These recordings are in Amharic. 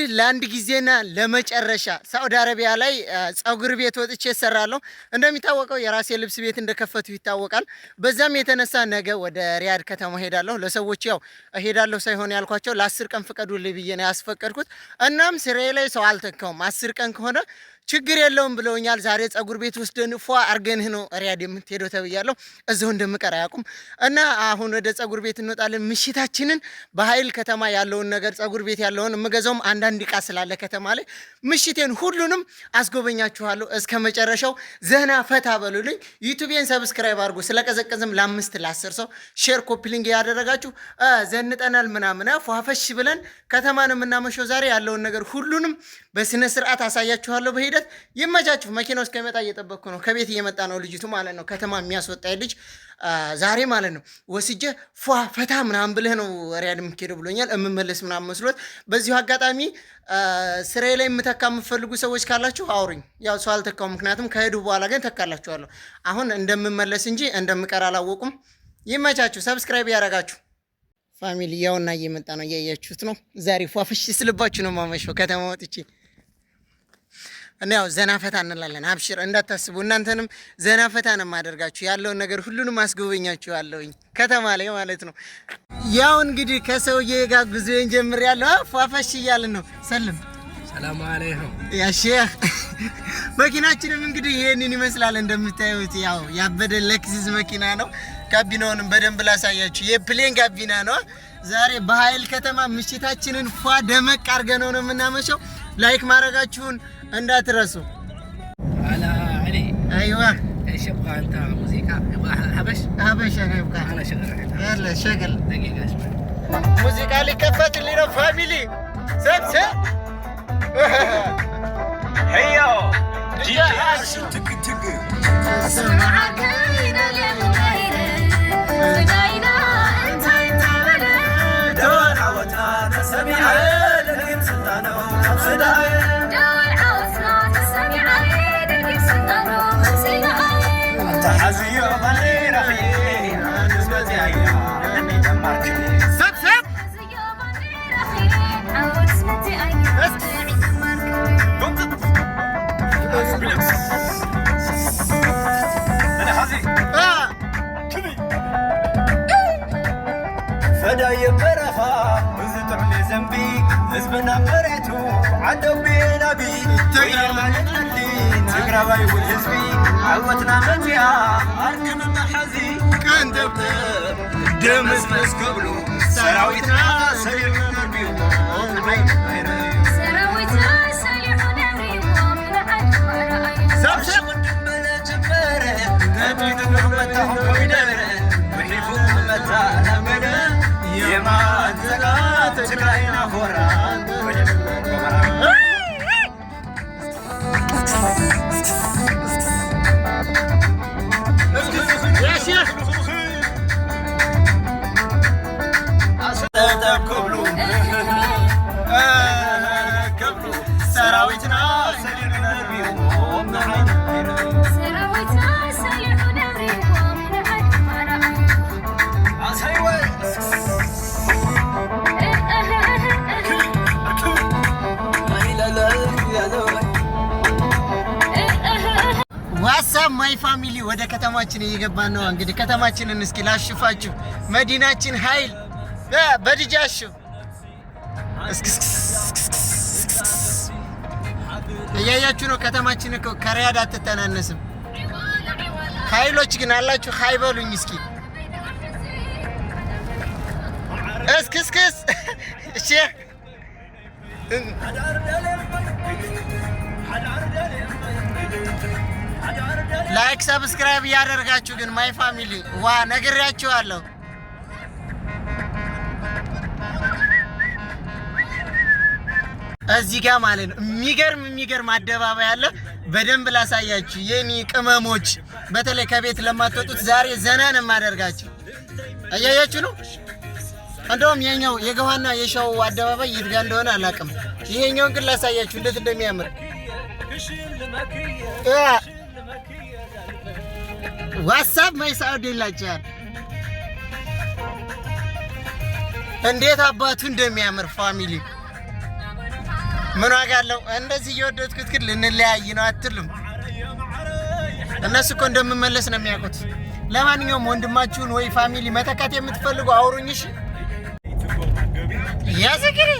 እንግዲህ ለአንድ ጊዜና ለመጨረሻ ሳዑዲ አረቢያ ላይ ጸጉር ቤት ወጥቼ እሰራለሁ። እንደሚታወቀው የራሴ ልብስ ቤት እንደከፈቱ ይታወቃል። በዛም የተነሳ ነገ ወደ ሪያድ ከተማ ሄዳለሁ። ለሰዎች ያው እሄዳለሁ ሳይሆን ያልኳቸው ለአስር ቀን ፍቀዱ ልብዬ ነው ያስፈቀድኩት። እናም ስሬ ላይ ሰው አልተካውም። አስር ቀን ከሆነ ችግር የለውም ብለውኛል። ዛሬ ጸጉር ቤት ውስጥ ንፎ አርገንህ ነው ሪያድ የምትሄደው ተብያለሁ። እዚሁ እንደምቀር አያውቁም እና አሁን ወደ ጸጉር ቤት እንወጣለን። ምሽታችንን በሀይል ከተማ ያለውን ነገር ጸጉር ቤት ያለውን የምገዛውም አንዳንድ እቃ ስላለ ከተማ ላይ ምሽቴን ሁሉንም አስጎበኛችኋለሁ። እስከ መጨረሻው ዘና ፈታ በሉልኝ። ዩቱቤን ሰብስክራይብ አድርጉ። ስለቀዘቀዝም ለአምስት ለአስር ሰው ሼር ኮፒሊንግ ያደረጋችሁ ዘንጠናል ምናምን ፏፈሽ ብለን ከተማን የምናመሸው ዛሬ ያለውን ነገር ሁሉንም በስነ ስርዓት አሳያችኋለሁ በሂደት ማለት ይመቻችሁ። መኪና ውስጥ ከመጣ እየጠበቅኩ ነው። ከቤት እየመጣ ነው ልጅቱ ማለት ነው። ከተማ የሚያስወጣ ልጅ ዛሬ ማለት ነው። ወስጄ ፏ ፈታ ምናምን ብለህ ነው ሪያድ የምትሄደው ብሎኛል። የምመለስ ምናምን መስሎት። በዚሁ አጋጣሚ ስራዬ ላይ የምተካ የምፈልጉ ሰዎች ካላችሁ አውሩኝ። ያው ሰው አልተካው፣ ምክንያቱም ከሄዱ በኋላ ግን ተካላችኋለሁ። አሁን እንደምመለስ እንጂ እንደምቀር አላወቁም። ይመቻችሁ። ሰብስክራይብ ያደረጋችሁ ፋሚሊ ያውና እየመጣ ነው፣ እያያችሁት ነው። ዛሬ ፏፍሽ ስልባችሁ ነው ማመሸው ከተማ ወጥቼ እና ያው ዘና ፈታ እንላለን። አብሽር እንዳታስቡ፣ እናንተንም ዘና ነው የማደርጋችሁ። ያለውን ነገር ሁሉንም አስጎበኛችሁ አለውኝ ከተማ ላይ ማለት ነው። ያው እንግዲህ ከሰውዬ ጋር ጉዞዬን ጀምሬያለሁ። ፏፈሽ እያልን ነው። ሰልም ሰላም አለይኩም ያ ሼህ። መኪናችንም እንግዲህ ይህንን ይመስላል እንደምታዩት። ያው ያበደ ለክሲዝ መኪና ነው። ጋቢናውንም በደንብ ላሳያችሁ። የፕሌን ጋቢና ነው። ዛሬ በሀይል ከተማ ምሽታችንን ፏ ደመቅ አድርገን ነው የምናመሸው። ላይክ ማድረጋችሁን እንዳትረሱ። ايوه ايش يبغى انت موسيقى؟ يبغى حبش حبش انا يبغى انا شغل يلا شغل دقيقة اسمع موسيقى اللي كفت اللي راه فاميلي سب سب هيو جي عاشو تك تك سمعك غير للغير سمعنا انت انت بلا دور عوتانا سمعنا لكن سلطانه وخمس دقايق ሸላቢ ትግረ ማለት ነዲ ትግራዋይ እውን ህዝቢ ዓወትና መፅያ ኣርክምና ሓዚ ቀንደብደብ ድምስምስ ክብሉ ሰራዊትና ሰሪርና ነቢዩ ንዓይ የማዘጋ ትግራይና ኮራ ታጠብኩ ብሎ ገብቶ ሰራዊትና ዋሳብ ማይ ፋሚሊ ወደ ከተማችን እየገባን ነው። እንግዲህ ከተማችንን እስኪ ላሽፋችሁ። መዲናችን ኃይል በድጃሽው እያያችሁ ነው። ከተማችን ከሪያድ አትተናነስም። ኃይሎች ግን አላችሁ። ሀይ በሉኝ እስኪ እስክስክስ ላይክ ሰብስክራይብ እያደረጋችሁ ግን ማይ ፋሚሊ ዋ ነግሬያችኋለሁ። እዚህ ጋር ማለት ነው። የሚገርም የሚገርም አደባባይ አለ። በደንብ ላሳያችሁ የኔ ቅመሞች፣ በተለይ ከቤት ለማትወጡት ዛሬ ዘናን የማደርጋችሁ እያያችሁ ነው። እንደውም የኛው የገዋና የሻው አደባባይ የት ጋር እንደሆነ አላውቅም። ይሄኛውን ግን ላሳያችሁ እንዴት እንደሚያምር ዋሳብ ማይሳውድ ይላችኋል። እንዴት አባቱ እንደሚያምር ፋሚሊ ምን ዋጋ አለው? እንደዚህ እየወደድኩት ግን ልንለያይ ነው አትሉም። እነሱ እኮ እንደምመለስ ነው የሚያውቁት። ለማንኛውም ወንድማችሁን ወይ ፋሚሊ መተካት የምትፈልጉ አውሩኝ። እሺ ያዘግሬ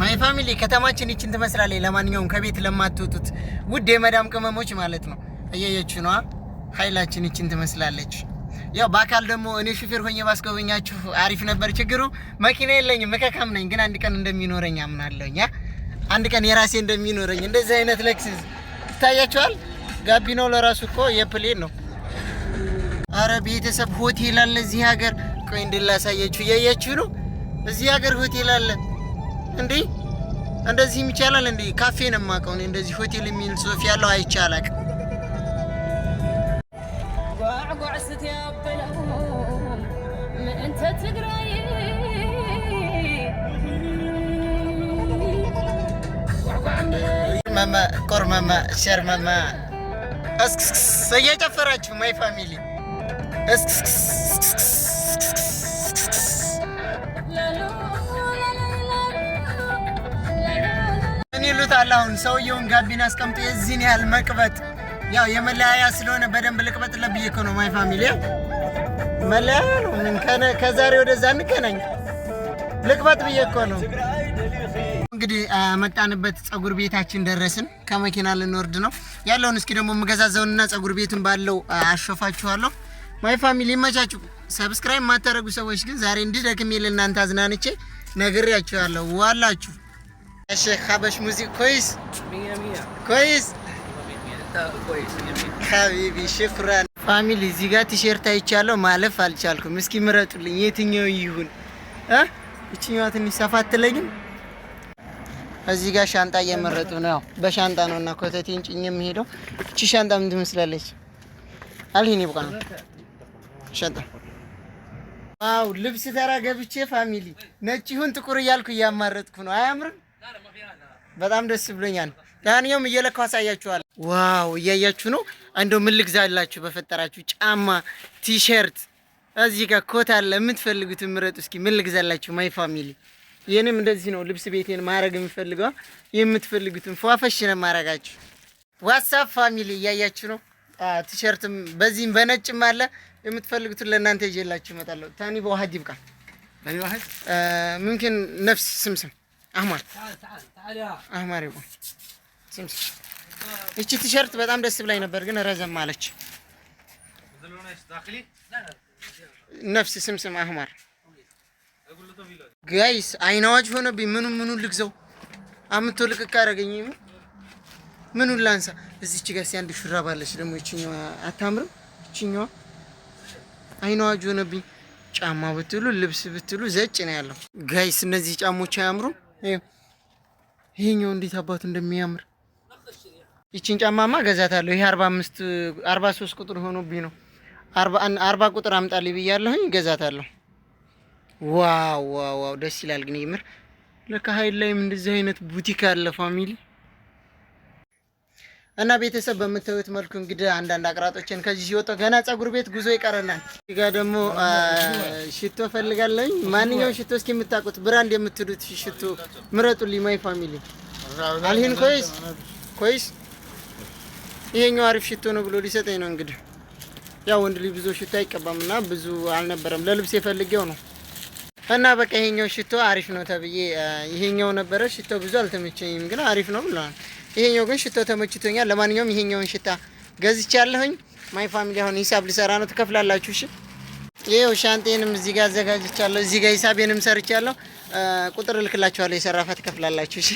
ማይ ፋሚሊ ከተማችን ይችን ትመስላለች። ለማንኛውም ከቤት ለማትወጡት ውድ የመዳም ቅመሞች ማለት ነው እየየች ነዋ ኃይላችን ይችን ትመስላለች። ያው በአካል ደግሞ እኔ ሹፌር ሆኜ ባስጎበኛችሁ አሪፍ ነበር። ችግሩ መኪና የለኝም፣ መካካም ነኝ። ግን አንድ ቀን እንደሚኖረኝ አምናለሁኝ። አንድ ቀን የራሴ እንደሚኖረኝ እንደዚህ አይነት ለክስስ ይታያችኋል። ጋቢናው ለራሱ እኮ የፕሌን ነው። አረ ቤተሰብ ሆቴል አለ እዚህ ሀገር። ቆይ እንድላሳየችሁ፣ እያያችሁ ነው። እዚህ ሀገር ሆቴል አለ እንዴ! እንደዚህም ይቻላል እንዴ? ካፌ ነው የማውቀው እኔ። እንደዚህ ሆቴል የሚል ጽሁፍ ያለው አይቻላል ባዕስት ያበላ ምእንተ ትግራይ እስክስክስ እየጨፈራችሁ ማይ ፋሚሊ እስክስክስ ምን ይሉታል አሁን ሰውየውን ጋቢን አስቀምጦ የዚህን ያህል መቅበጥ ያው የመለያያ ስለሆነ በደንብ ልቅበጥ ለብዬ እኮ ነው። ማይ ፋሚሊ መለያ ነው። ምን ከዛሬ ወደዛ እንከነኝ ልቅበጥ ብዬ እኮ ነው። እንግዲህ መጣንበት ጸጉር ቤታችን ደረስን። ከመኪና ልንወርድ ነው ያለውን። እስኪ ደግሞ የምገዛዘውንና ጸጉር ቤቱን ባለው አሸፋችኋለሁ። ማይ ፋሚሊ ይመቻችሁ። ሰብስክራይብ የማታደርጉ ሰዎች ግን ዛሬ እንዲህ ደክሜ ለእናንተ አዝናንቼ ነግሬያችኋለሁ። ዋላችሁ። እሺ ሀበሽ ሙዚቅ ኮይስ ኮይስ ሀቢቢ ሽኩራን ፋሚሊ እዚህ ጋር ቲሸርት አይቻለሁ፣ ማለፍ አልቻልኩም። እስኪ ምረጡልኝ የትኛው ይሁን? እችኛዋ ትንሽ ሰፋ አትለኝም? እዚህ ጋር ሻንጣ እየመረጡ ነው። በሻንጣ ነው እና ኮተቴን ጭኜ የምሄደው። እቺ ሻንጣ ምን ትመስላለች? አልሄን ይብቃ ነው ሻንጣ። ዋው ልብስ ተራ ገብቼ ፋሚሊ ነጭ ይሁን ጥቁር እያልኩ እያማረጥኩ ነው። አያምርም? በጣም ደስ ብሎኛል። ለማንኛውም እየለካው አሳያችኋል። ዋው እያያችሁ ነው። እንደው ምን ልግዛላችሁ በፈጠራችሁ? ጫማ፣ ቲሸርት፣ እዚህ ጋር ኮት አለ። የምትፈልጉትን ምረጡ እስኪ። ምን ልግዛላችሁ ማይ ፋሚሊ? ይህንም እንደዚህ ነው ልብስ ቤቴን ማድረግ የምፈልገው። የምትፈልጉትን ፏፈሽ ነው ማድረጋችሁ። ዋትሳፕ ፋሚሊ እያያችሁ ነው። ቲሸርትም በዚህም በነጭም አለ። የምትፈልጉትን ለእናንተ ይዤላችሁ እመጣለሁ። ታኒ በዋህድ ይብቃ ምምኪን ነፍስ ስምስም አማር አማር ይቆ እቺ ቲሸርት በጣም ደስ ብላኝ ነበር፣ ግን ረዘም አለች። ነፍስ ስምስም አህማር ጋይስ አይናዋጅ ሆነብኝ። ምኑ ምኑ ልግዘው? አምቶ ልቅቅ አደረገኝ። ምኑን ላንሳ? እዚች ጋር አንድ ሹራብ አለች ደግሞ ይችኛዋ አታምርም። ይችኛዋ አይናዋጅ ሆነብኝ። ጫማ ብትሉ ልብስ ብትሉ ዘጭ ነው ያለው ጋይስ። እነዚህ ጫሞች አያምሩም። ይሄኛው እንዴት አባቱ እንደሚያምር ይችን ጫማማ ገዛታለሁ። ይሄ 45 43 ቁጥር ሆኖብኝ ነው። 40 40 ቁጥር አምጣልኝ ብያለሁኝ። ገዛታለሁ። ዋው ዋው ዋው! ደስ ይላል ግን ይምር። ለካ ሀይል ላይም እንደዚህ አይነት ቡቲክ አለ ፋሚሊ እና ቤተሰብ በምታዩት መልኩ እንግዲህ አንዳንድ አቅራጦችን ከዚህ ሲወጣ ገና ጸጉር ቤት ጉዞ ይቀረናል። ጋ ደግሞ ሽቶ ፈልጋለኝ። ማንኛውም ሽቶ እስኪ የምታውቁት ብራንድ የምትሉት ሽቶ ምረጡልኝ። ማይ ፋሚሊ አልሂን ኮይስ ኮይስ ይሄኛው አሪፍ ሽቶ ነው ብሎ ሊሰጠኝ ነው እንግዲህ። ያው ወንድ ልጅ ብዙ ሽቶ አይቀባም እና ብዙ አልነበረም ለልብስ የፈልገው ነው እና በቃ ይሄኛው ሽቶ አሪፍ ነው ተብዬ ይሄኛው ነበረ። ሽቶ ብዙ አልተመቸኝም፣ ግን አሪፍ ነው ብለዋል። ይሄኛው ግን ሽቶ ተመችቶኛል። ለማንኛውም ይሄኛውን ሽታ ገዝቻለሁኝ። ማይ ፋሚሊ አሁን ሂሳብ ሊሰራ ነው። ትከፍላላችሁ። እሺ ይሄው ሻንጤንም እዚህ ጋር አዘጋጅቻለሁ። እዚህ ጋር ሂሳቤንም ሰርቻለሁ። ቁጥር እልክላችኋለሁ። የሰራፋ ትከፍላላችሁ። እሺ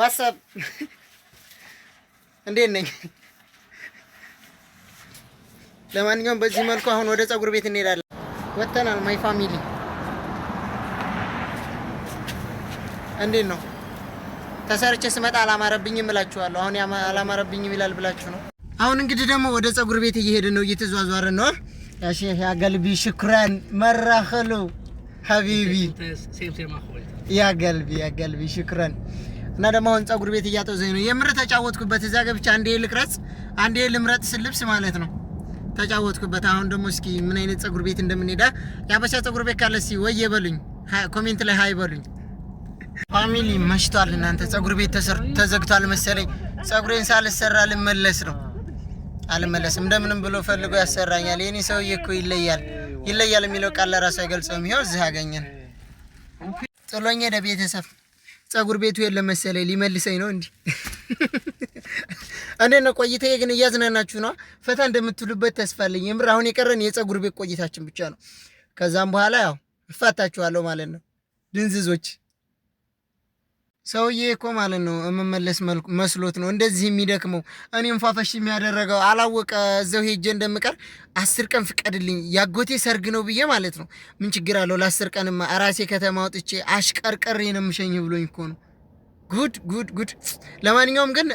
ዋትስአፕ እንዴት ነኝ? ለማንኛውም በዚህ መልኩ አሁን ወደ ጸጉር ቤት እንሄዳለን። ወተናል። ማይ ፋሚሊ እንዴት ነው? ተሰርቼ ስመጣ አላማረብኝም እላችኋለሁ። አሁን አላማረብኝም ይላል ብላችሁ ነው። አሁን እንግዲህ ደግሞ ወደ ጸጉር ቤት እየሄድን ነው፣ እየተዟዟርን ነው። ያሺ ያገልቢ ሽኩራን መራኸሉ ሀቢቢ ያ ገልቢ ሽክረን እና ደግሞ አሁን ጸጉር ቤት እያጠዘኝ ነው። የምር ተጫወትኩበት። እዚያ ገብቼ አንዴ ልቅረጽ፣ አንዴ ልምረጥ ስልብስ ማለት ነው። ተጫወትኩበት። አሁን ደግሞ እስኪ ምን አይነት ጸጉር ቤት እንደምንሄዳ የአበሻ ጸጉር ቤት ካለ እስኪ ወይ የበሉኝ፣ ኮሜንት ላይ ሀይ በሉኝ። ፋሚሊ መሽቷል። እናንተ ጸጉር ቤት ተዘግቷል መሰለኝ። ጸጉሬን ሳልሰራ ልመለስ ነው። አልመለስም። እንደምንም ብሎ ፈልጎ ያሰራኛል። የኔ ሰውዬ እኮ ይለያል። ይለያል የሚለው ቃል ለራሱ አይገልጸውም። ይኸው እዚህ አገኘን። ጥሎኝ ሄደ ቤተሰብ ጸጉር ቤቱ የለ መሰለኝ ሊመልሰኝ ነው። እንዲህ እንዴት ነው ቆይታ? ግን እያዝናናችሁ ነው፣ ፈታ እንደምትሉበት ተስፋ አለኝ። የምር አሁን የቀረን የጸጉር ቤት ቆይታችን ብቻ ነው። ከዛም በኋላ ያው እፋታችኋለሁ ማለት ነው ድንዝዞች። ሰውዬ እኮ ማለት ነው የምመለስ መስሎት ነው እንደዚህ የሚደክመው። እኔም ፏፈሽ የሚያደረገው አላወቀ። እዛው ሄጄ እንደምቀር አስር ቀን ፍቀድልኝ ያጎቴ ሰርግ ነው ብዬ ማለት ነው። ምን ችግር አለው? ለአስር ቀንማ ራሴ ከተማ ወጥቼ አሽቀርቀሬ ነው የምሸኝ ብሎኝ እኮ ነው። ጉድ ጉድ ጉድ። ለማንኛውም ግን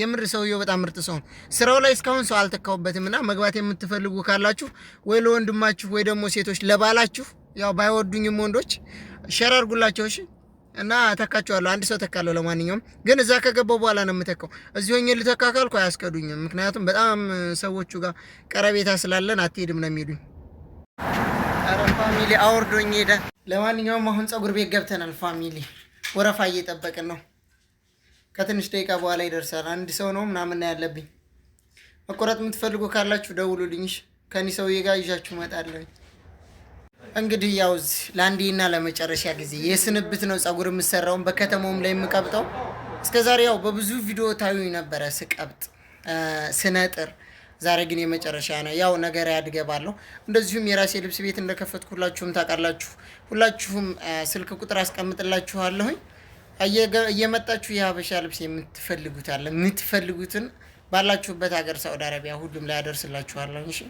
የምር ሰውየው በጣም ምርጥ ሰው ነው። ስራው ላይ እስካሁን ሰው አልተካሁበትም። እና መግባት የምትፈልጉ ካላችሁ ወይ ለወንድማችሁ ወይ ደግሞ ሴቶች ለባላችሁ፣ ያው ባይወዱኝም ወንዶች ሸር አድርጉላቸው እሺ። እና ተካቸዋለሁ። አንድ ሰው ተካለሁ። ለማንኛውም ግን እዛ ከገባው በኋላ ነው የምተካው። እዚህ ሆኜ ልተካ ካልኩ አያስቀዱኝም። ምክንያቱም በጣም ሰዎቹ ጋር ቀረቤታ ስላለን አትሄድም ነው የሚሉኝ። ኧረ ፋሚሊ አውርዶኝ ሄደ። ለማንኛውም አሁን ፀጉር ቤት ገብተናል። ፋሚሊ ወረፋ እየጠበቅን ነው። ከትንሽ ደቂቃ በኋላ ይደርሳል። አንድ ሰው ነው ምናምን ያለብኝ። መቆረጥ የምትፈልጉ ካላችሁ ደውሉልኝ። ከኒህ ሰውዬ ጋር ይዣችሁ እመጣለሁ። እንግዲህ ያው ለአንዴና ለመጨረሻ ጊዜ የስንብት ነው ጸጉር የምሰራውን በከተማውም ላይ የምቀብጠው። እስከዛሬ ያው በብዙ ቪዲዮ ታዩኝ ነበረ ስቀብጥ ስነጥር። ዛሬ ግን የመጨረሻ ነው። ያው ነገር ያድገባለሁ። እንደዚሁም የራሴ ልብስ ቤት እንደከፈትኩ ሁላችሁም ታውቃላችሁ። ሁላችሁም ስልክ ቁጥር አስቀምጥላችኋለሁኝ። እየመጣችሁ የሀበሻ ልብስ የምትፈልጉት አለ የምትፈልጉትን ባላችሁበት ሀገር ሳውዲ አረቢያ ሁሉም ላይ ያደርስላችኋለሁ። እሺ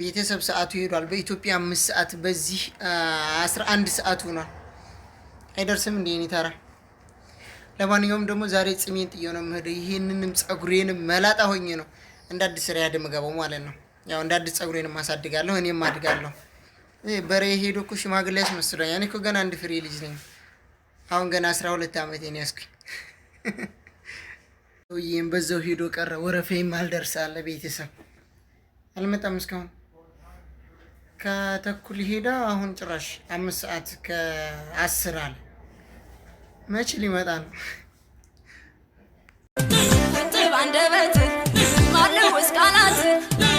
ቤተሰብ ሰዓቱ ይሄዷል። በኢትዮጵያ አምስት ሰዓት በዚህ አስራ አንድ ሰዓት ሆኗል። አይደርስም እንዴ እኔ ተራ። ለማንኛውም ደግሞ ዛሬ ጽሜን ጥዬ ነው የምሄደው። ይህንንም ጸጉሬንም መላጣ ሆኜ ነው እንደ አዲስ ሪያ የምገባው ማለት ነው። ያው እንደ አዲስ ጸጉሬንም አሳድጋለሁ፣ እኔም አድጋለሁ። በሬ ሄዶ እኮ ሽማግሌ ያስመስለኝ። እኔ እኮ ገና አንድ ፍሬ ልጅ ነኝ። አሁን ገና አስራ ሁለት ዓመት ኔ ያስኩኝ ይህም በዛው ሄዶ ቀረ። ወረፌም አልደርሳለ ቤተሰብ አልመጣም እስካሁን ከተኩል ሄዳ አሁን ጭራሽ አምስት ሰዓት ከአስር አለ። መች ሊመጣ ነው? አንደበት